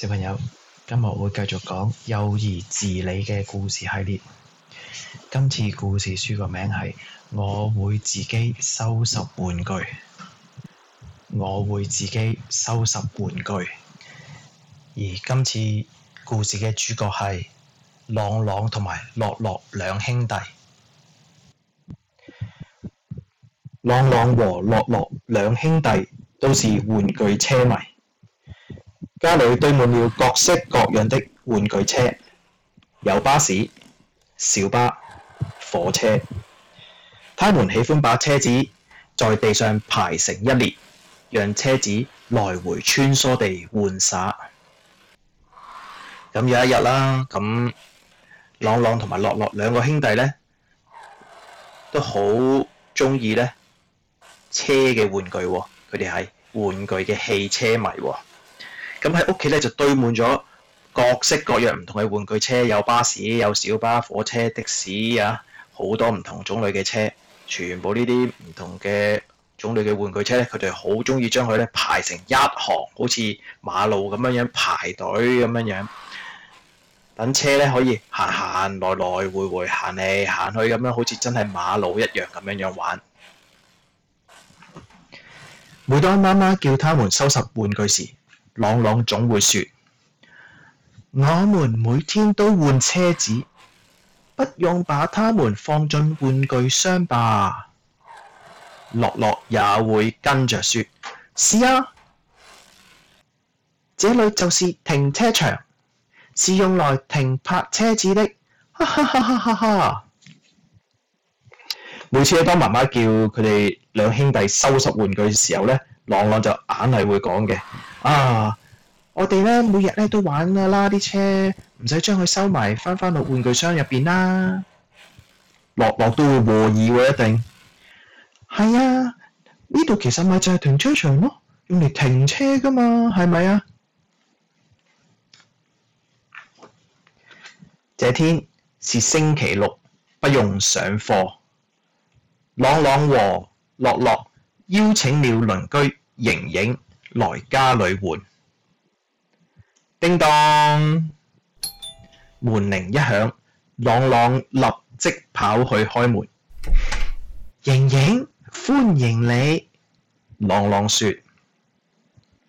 小朋友，今日我會繼續講幼兒自理嘅故事系列。今次故事書個名係我會自己收拾玩具，我會自己收拾玩具。而今次故事嘅主角係朗朗同埋樂樂兩兄弟。朗朗和樂樂兩兄弟都是玩具車迷。家裏堆滿了各式各樣的玩具車，有巴士、小巴、火車。他們喜歡把車子在地上排成一列，讓車子來回穿梭地玩耍。咁有一日啦，咁朗朗同埋樂樂兩個兄弟咧，都好中意咧車嘅玩具喎，佢哋係玩具嘅汽車迷喎。咁喺屋企咧就堆滿咗各式各樣唔同嘅玩具車，有巴士，有小巴、火車、的士啊，好多唔同種類嘅車。全部呢啲唔同嘅種類嘅玩具車咧，佢哋好鍾意將佢咧排成一行，好似馬路咁樣樣排隊咁樣樣，等車咧可以行行來來回回行嚟行去，咁樣好似真係馬路一樣咁樣樣玩。每當媽媽叫他們收拾玩具時，朗朗總會說：我們每天都換車子，不用把他們放進玩具箱吧。樂樂也會跟着說：是啊，這裏就是停車場，是用來停泊車子的。哈哈哈哈哈哈。每次當媽媽叫佢哋兩兄弟收拾玩具嘅時候咧，朗朗就硬係會講嘅。啊！我哋咧每日咧都玩啦，啲車唔使將佢收埋，翻返到玩具箱入邊啦。樂樂都會和意喎，一定係啊！呢度其實咪就係停車場咯，用嚟停車㗎嘛，係咪啊？這天是星期六，不用上課。朗朗和樂樂邀請了鄰居瑩瑩。盈盈來家裏玩。叮噹，門鈴一響，朗朗立即跑去開門。瑩瑩，歡迎你。朗朗說：咁、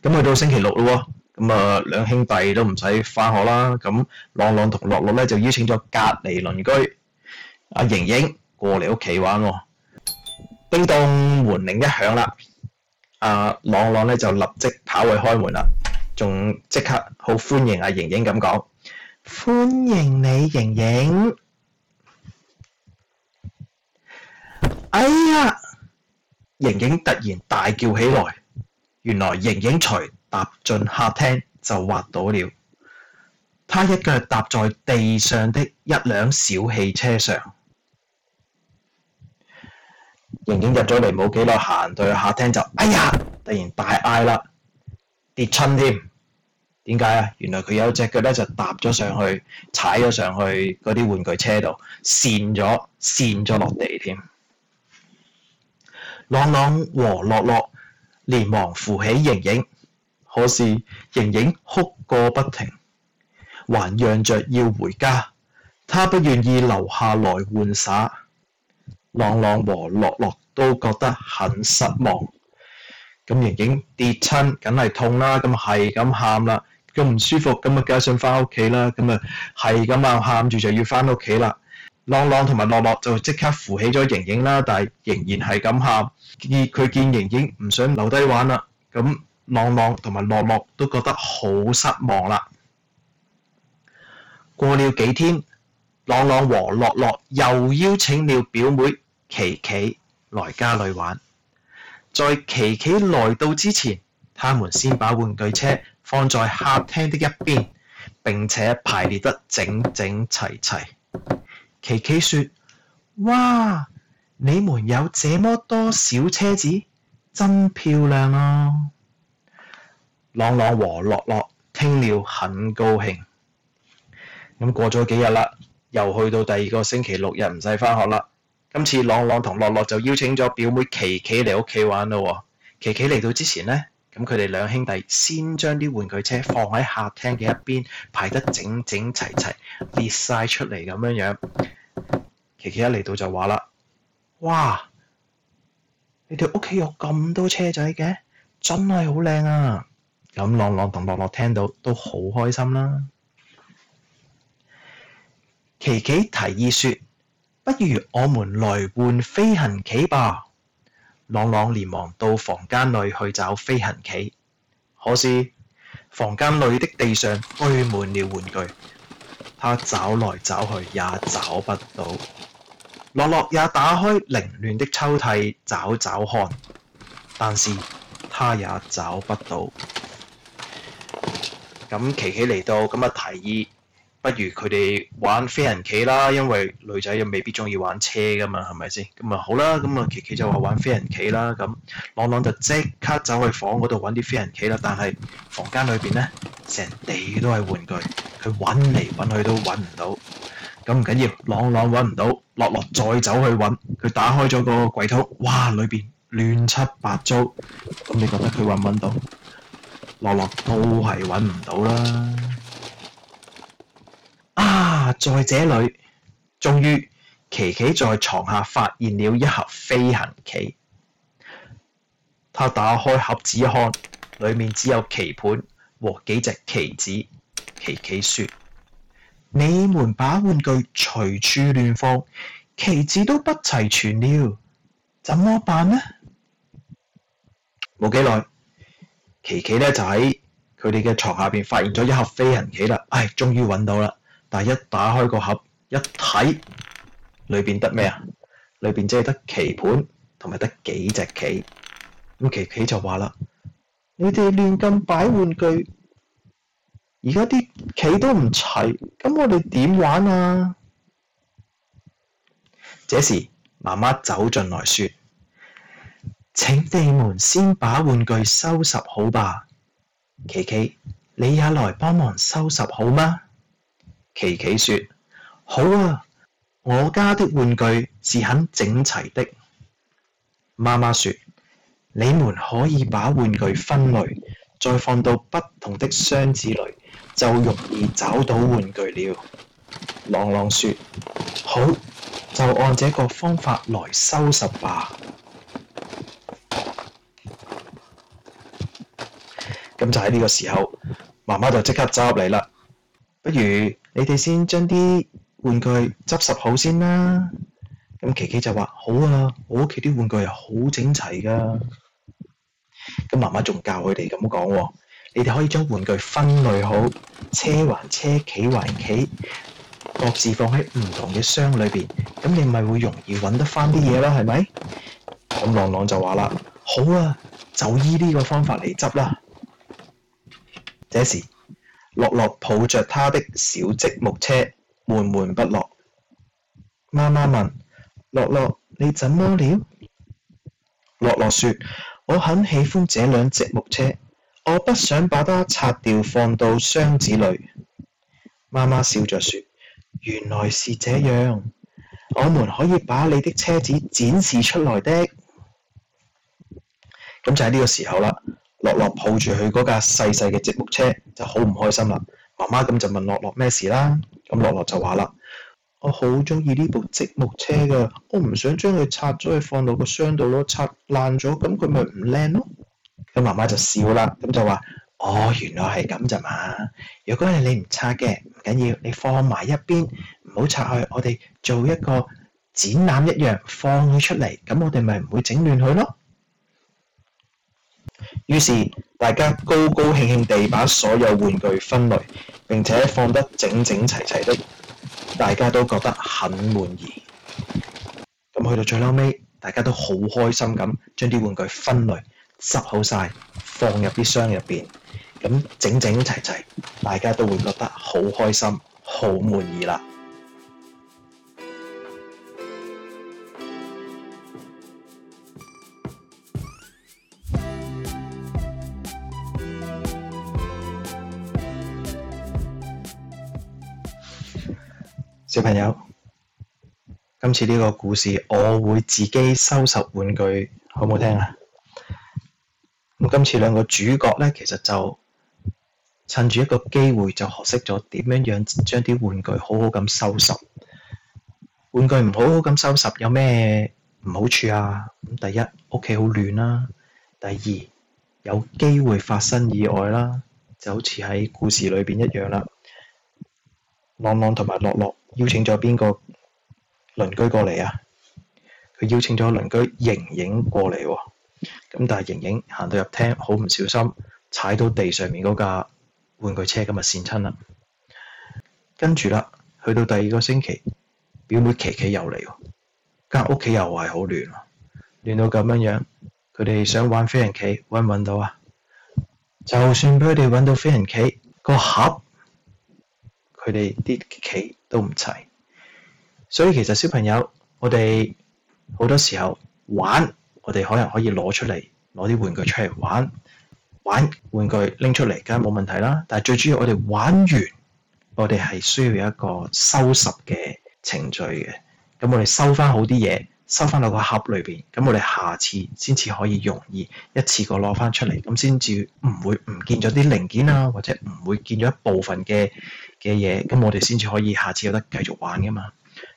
嗯、去到星期六咯，咁啊兩兄弟都唔使返學啦。咁朗朗同樂樂咧就邀請咗隔籬鄰居阿瑩瑩過嚟屋企玩。叮噹，門鈴一響啦。阿、啊、朗朗咧就立即跑去開門啦，仲即刻好歡迎阿盈盈咁講，歡迎你盈盈。哎呀！盈盈突然大叫起來，原來盈盈才踏進客廳就滑倒了，她一腳踏在地上的一輛小汽車上。盈盈入咗嚟冇幾耐，行到去客廳就，哎呀，突然大嗌啦，跌親添。點解啊？原來佢有隻腳咧就踏咗上去，踩咗上去嗰啲玩具車度，跣咗，跣咗落地添。朗朗和樂樂連忙扶起盈盈，可是盈盈哭個不停，還嚷着要回家，她不願意留下來玩耍。朗朗和樂樂。都覺得很失望，咁盈盈跌親，梗係痛啦，咁係咁喊啦，咁唔舒服，咁啊，梗係想翻屋企啦，咁啊係咁啊，喊住就要翻屋企啦。朗朗同埋樂樂就即刻扶起咗盈盈啦，但係仍然係咁喊，而佢見盈盈唔想留低玩啦，咁朗朗同埋樂樂都覺得好失望啦。過了幾天，朗朗和樂樂又邀請了表妹琪琪。來家裏玩，在琪琪來到之前，他們先把玩具車放在客廳的一邊，並且排列得整整齊齊。琪琪說：「哇，你們有這麼多小車子，真漂亮啊！」朗朗和樂樂聽了很高興。咁過咗幾日啦，又去到第二個星期六日，唔使返學啦。今次朗朗同樂樂就邀請咗表妹琪琪嚟屋企玩咯、哦。琪琪嚟到之前呢，咁佢哋兩兄弟先將啲玩具車放喺客廳嘅一邊，排得整整齊齊，列晒出嚟咁樣樣。琪琪一嚟到就話啦：哇！你哋屋企有咁多車仔嘅，真係好靚啊！咁朗朗同樂樂聽到都好開心啦。琪琪提議說。不如我們來玩飛行棋吧。朗朗連忙到房間裏去找飛行棋，可是房間裏的地上堆滿了玩具，他找來找去也找不到。樂樂也打開凌亂的抽屜找找看，但是他也找不到。咁琪琪嚟到咁啊提議。不如佢哋玩飛行棋啦，因為女仔又未必中意玩車噶嘛，係咪先？咁啊好啦，咁、嗯、啊琪琪就話玩飛行棋啦，咁、嗯、朗朗就即刻走去房嗰度揾啲飛行棋啦。但係房間裏邊呢，成地都係玩具，佢揾嚟揾去都揾唔到。咁唔緊要，朗朗揾唔到，樂樂再走去揾，佢打開咗個櫃桶，哇！裏邊亂七八糟，咁你覺得佢揾唔揾到？樂樂都係揾唔到啦。在這裏，終於琪琪在床下發現了一盒飛行棋。他打開盒子一看，裏面只有棋盤和幾隻棋子。琪琪說：你們把玩具隨處亂放，棋子都不齊全了，怎麼辦呢？冇幾耐，琪琪呢就喺佢哋嘅床下邊發現咗一盒飛行棋啦。唉、哎，終於揾到啦！但一打開個盒一睇，裏邊得咩啊？裏邊只係得棋盤同埋得幾隻棋。咁琪琪就話啦： 你哋亂咁擺玩具，而家啲棋都唔齊，咁我哋點玩啊？ 這時媽媽走進來說：請你們先把玩具收拾好吧。琪琪，你也來幫忙收拾好嗎？琪琪說：好啊，我家的玩具是很整齊的。媽媽說：你們可以把玩具分類，再放到不同的箱子裏，就容易找到玩具了。朗朗說：好，就按這個方法來收拾吧。咁就喺呢個時候，媽媽就即刻走入嚟啦。不如？你哋先將啲玩具執拾好先啦。咁琪琪就話：好啊，我屋企啲玩具係好整齊㗎。咁媽媽仲教佢哋咁講：你哋可以將玩具分類好，車還車，企還企，各自放喺唔同嘅箱裏邊。咁你咪會容易揾得返啲嘢啦，係咪？咁、嗯、朗朗就話啦：好啊，就依呢個方法嚟執啦。這時。樂樂抱着他的小積木車，悶悶不樂。媽媽問：，樂樂，你怎麼了？樂樂說：，我很喜歡這輛積木車，我不想把它拆掉放到箱子裏。媽媽笑着說：，原來是這樣，我們可以把你的車子展示出來的。咁就喺呢個時候啦。樂樂抱住佢嗰架細細嘅積木車就好唔開心啦。媽媽咁就問樂樂咩事啦。咁、嗯、樂樂就話啦：，我好中意呢部積木車噶，我唔想將佢拆咗，去放到個箱度咯。拆爛咗咁佢咪唔靚咯。咁媽媽就笑啦，咁就話：，哦，原來係咁咋嘛？如果係你唔拆嘅，唔緊要，你放埋一邊，唔好拆去。我哋做一個展覽一樣放佢出嚟，咁我哋咪唔會整亂佢咯。於是大家高高興興地把所有玩具分類，並且放得整整齊齊的，大家都覺得很滿意。去到最後尾，大家都好開心咁將啲玩具分類拾好晒，放入啲箱入邊，咁整整齊齊，大家都會覺得好開心、好滿意啦。小朋友，今次呢個故事我會自己收拾玩具，好唔好聽啊？咁今次兩個主角咧，其實就趁住一個機會就學識咗點樣樣將啲玩具好好咁收拾。玩具唔好好咁收拾有咩唔好處啊？咁第一屋企好亂啦、啊，第二有機會發生意外啦、啊，就好似喺故事裏邊一樣啦、啊。朗朗同埋樂樂。邀請咗邊個鄰居過嚟啊？佢邀請咗鄰居瑩瑩過嚟喎，咁但係瑩瑩行到入廳，好唔小心踩到地上面嗰架玩具車，咁啊跣親啦。跟住啦，去到第二個星期，表妹琪琪又嚟，間屋企又係好亂，亂到咁樣樣。佢哋想玩飛行棋，搵唔搵到啊？就算俾佢哋搵到飛行棋個盒，佢哋啲棋都唔齊，所以其實小朋友，我哋好多時候玩，我哋可能可以攞出嚟，攞啲玩具出嚟玩，玩玩，玩具拎出嚟，梗係冇問題啦。但係最主要，我哋玩完，我哋係需要一個收拾嘅程序嘅，咁我哋收返好啲嘢。收翻到個盒裏邊，咁我哋下次先至可以容易一次過攞翻出嚟，咁先至唔會唔見咗啲零件啊，或者唔會見咗一部分嘅嘅嘢，咁我哋先至可以下次有得繼續玩噶嘛。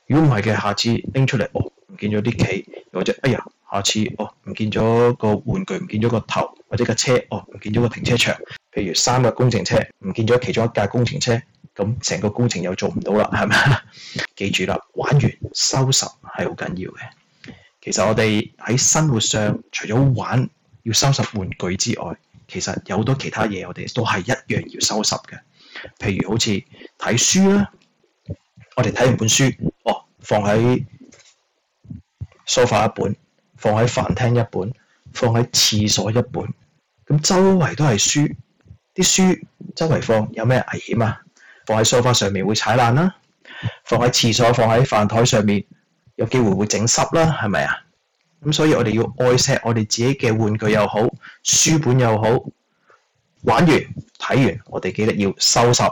如果唔係嘅，下次拎出嚟哦，唔見咗啲棋，或者哎呀，下次哦唔見咗個玩具，唔見咗個頭，或者個車哦唔見咗個停車場，譬如三個工程車唔見咗其中一架工程車，咁成個工程又做唔到啦，係咪啊？ 記住啦，玩完收拾係好緊要嘅。其實我哋喺生活上除，除咗玩要收拾玩具之外，其實有好多其他嘢我哋都係一樣要收拾嘅。譬如好似睇書啦，啊，我哋睇完本書，哦，放喺梳化一本，放喺飯廳一本，放喺廁所一本，咁周圍都係書，啲書周圍放有咩危險啊？放喺梳化上面會踩爛啦，啊，放喺廁所，放喺飯枱上面。有機會會整濕啦，係咪啊？咁所以我哋要愛惜我哋自己嘅玩具又好，書本又好，玩完睇完，我哋記得要收拾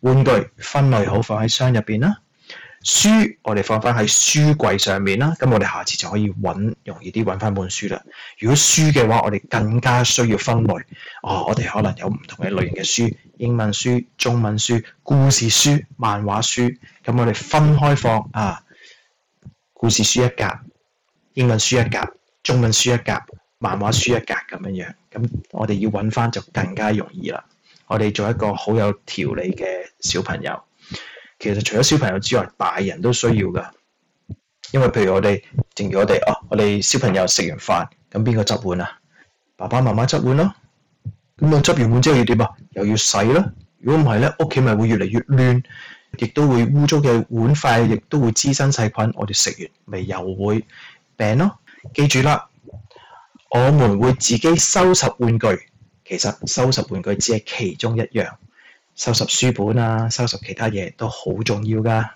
玩具，分類好放喺箱入邊啦。書我哋放翻喺書櫃上面啦。咁我哋下次就可以揾容易啲揾翻本書啦。如果書嘅話，我哋更加需要分類。哦，我哋可能有唔同嘅類型嘅書，英文書、中文書、故事書、漫畫書，咁我哋分開放啊。故事書一格，英文書一格，中文書一格，漫畫書一格咁樣樣，咁我哋要揾翻就更加容易啦。我哋做一個好有條理嘅小朋友，其實除咗小朋友之外，大人都需要噶。因為譬如我哋，正如我哋，哦、啊，我哋小朋友食完飯，咁邊個執碗啊？爸爸媽媽執碗囉。咁啊執完碗之後要點啊？又要洗囉。如果唔係咧，屋企咪會越嚟越亂。亦都會污糟嘅碗筷，亦都會滋生細菌。我哋食完咪又會病咯。記住啦，我們會自己收拾玩具。其實收拾玩具只係其中一樣，收拾書本啊，收拾其他嘢都好重要噶。